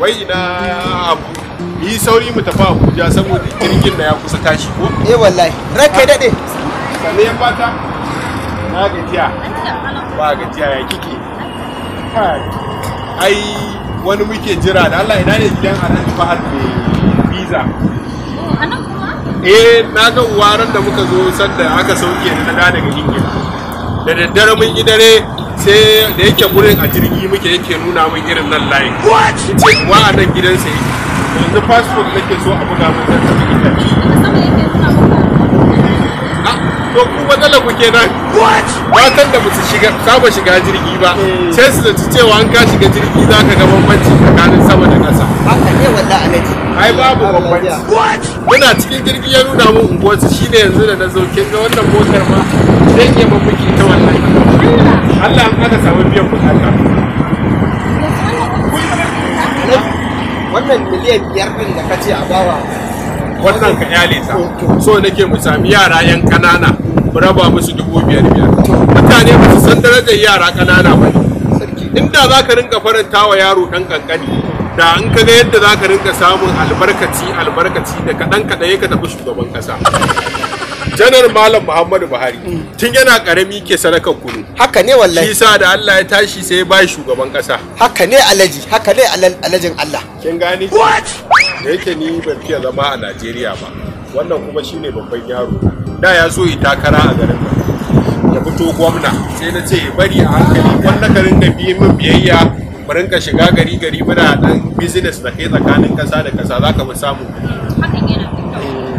wai ina abu yi sauri mu tafi abuja saboda jirgin na ya kusa tashi ko eh wallahi ranka dade na gajiya ba gajiya ya kike ai wani muke jira da Allah ina ne gidan Alhaji Fahad mai visa eh na ga uwaran da muka zo sanda aka sauke ni na daga ingila da daddare mun dare. sai da yake gurin a jirgi muke yake nuna min irin nan layin wa a nan gidansa yake yanzu passport nake so a buga min zan tafi to ku matsala ku kenan matan da musu shiga saba shiga jirgi ba sai su zaci cewa an ka shiga jirgi za ka ga bambanci tsakanin sama da ƙasa haka ne wanda alaji ai babu bambanci muna cikin jirgi ya nuna mun unguwarsu shine yanzu da na zo kin ga wannan motar ma zan iya mamuki Allah an aka samu biyan bukata wannan miliyan biyar din da kace a bawa wannan ka yale ta so nake mu sami yara yan kanana mu raba musu dubu biyar biyar mutane ba su san darajar yara kanana ba inda za ka rinka faranta wa yaro dan kankani da in ka ga yadda za ka rinka samun albarkaci albarkaci da kaɗan kaɗan ya ka tafi shugaban ƙasa janar malam muhammadu buhari mm. tun yana karami ke sadakar kudu haka ne wallahi shi da allah ya tashi sai ya bai shugaban kasa haka ne alaji haka ne alajin allah kin gane da yake ni ban fiye zama a najeriya ba wannan kuma shine babban yaro da ya so yi takara a garin ya fito gwamna sai na ce bari a hankali wannan garin da biye min biyayya mu rinka shiga gari gari muna dan business da kai tsakanin kasa da kasa zaka mu samu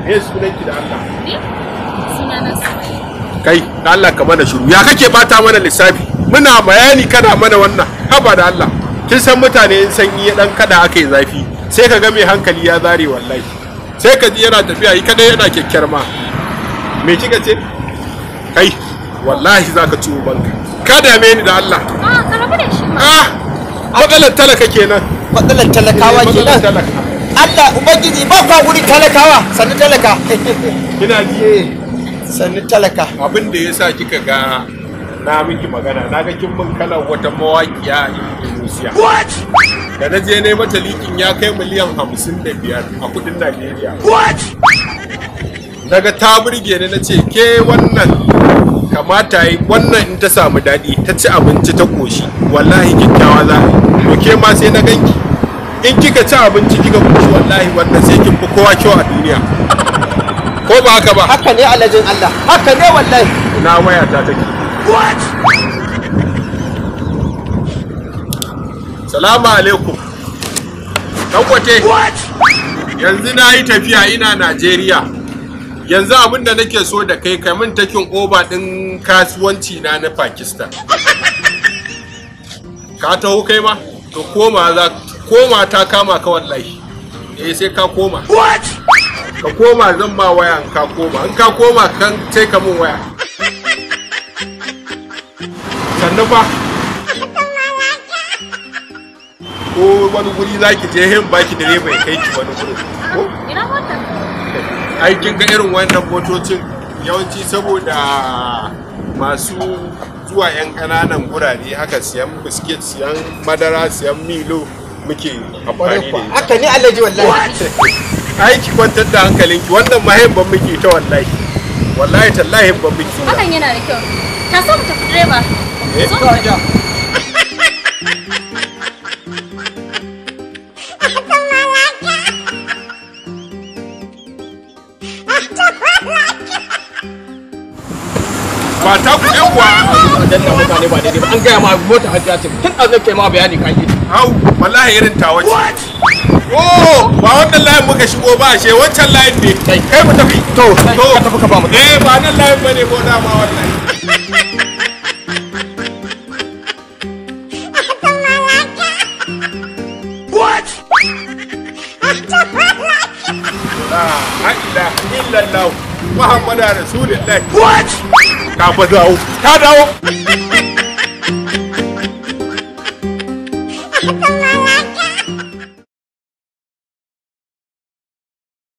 me ki da allah kai da Allah ka mana shiru ya kake bata mana lissafi muna bayani kada mana wannan haba da Allah kin san mutane in sanyi ya dan kada aka yi zafi sai ka ga mai hankali ya zare wallahi sai ka ji yana tafiya yi kadai yana kyakkyar ma me kika ce kai wallahi ka ciwo banka ka dame ni da Allah a ah, ka da shi ah matsalar talaka kenan matsalar talakawa eh, kenan Allah ubangiji ba ka wuri talakawa sannu talaka ina ji eh. sannu talaka abin da ya sa kika ga na miki magana na ga kin mun kalar wata mawaƙiya a Indonesia da na je ne mata likin ya kai miliyan hamsin da biyar a kudin Najeriya daga ta burge ni na ce ke wannan kamata yi wannan in ta samu daɗi ta ci abinci ta koshi wallahi kyakkyawa za a yi ke ma sai na ganki in kika ci abinci kika koshi wallahi wannan sai kin fi kowa kyau a duniya ko ba haka ba haka ne alajin Allah haka ne wallahi na waya ta take what salamu alaikum dangote what yanzu na yi tafiya ina Najeriya yanzu abin da nake so da kai kai min takin oba din kasuwanci na na Pakistan ka taho kai ma to koma za koma ta kama ka wallahi eh sai ka koma what ka koma zan ba waya in ka koma in ka koma kan sai mun waya sannu ba ko wani guri za ki je hin baki dare ya kai ki wani guri ai kin ga irin wannan motocin yawanci saboda masu zuwa 'yan ƙananan gurare haka siyan biskit siyan madara siyan milo muke amfani da ita. Haka ne alaji wallahi. ai ki kwantar da hankalinki wannan mahimman muke ta wallahi wallahi tallahi ban miki hakan yana da kyau ka so mu tafi direba eh. zo mu ba ta ku yawa danna mutane ba daidai ba an gaya ma mota hajjiya ce tun azan kai ma bayani ka yi hau wallahi irin ta wace oh ba wannan layin muka shigo ba ashe wancan layin ne kai mu tafi to to ka tafi ka ba mu eh ba nan layin bane ko dama wallahi la ilaha illallah muhammadu rasulullahi what ka dawo ka dawo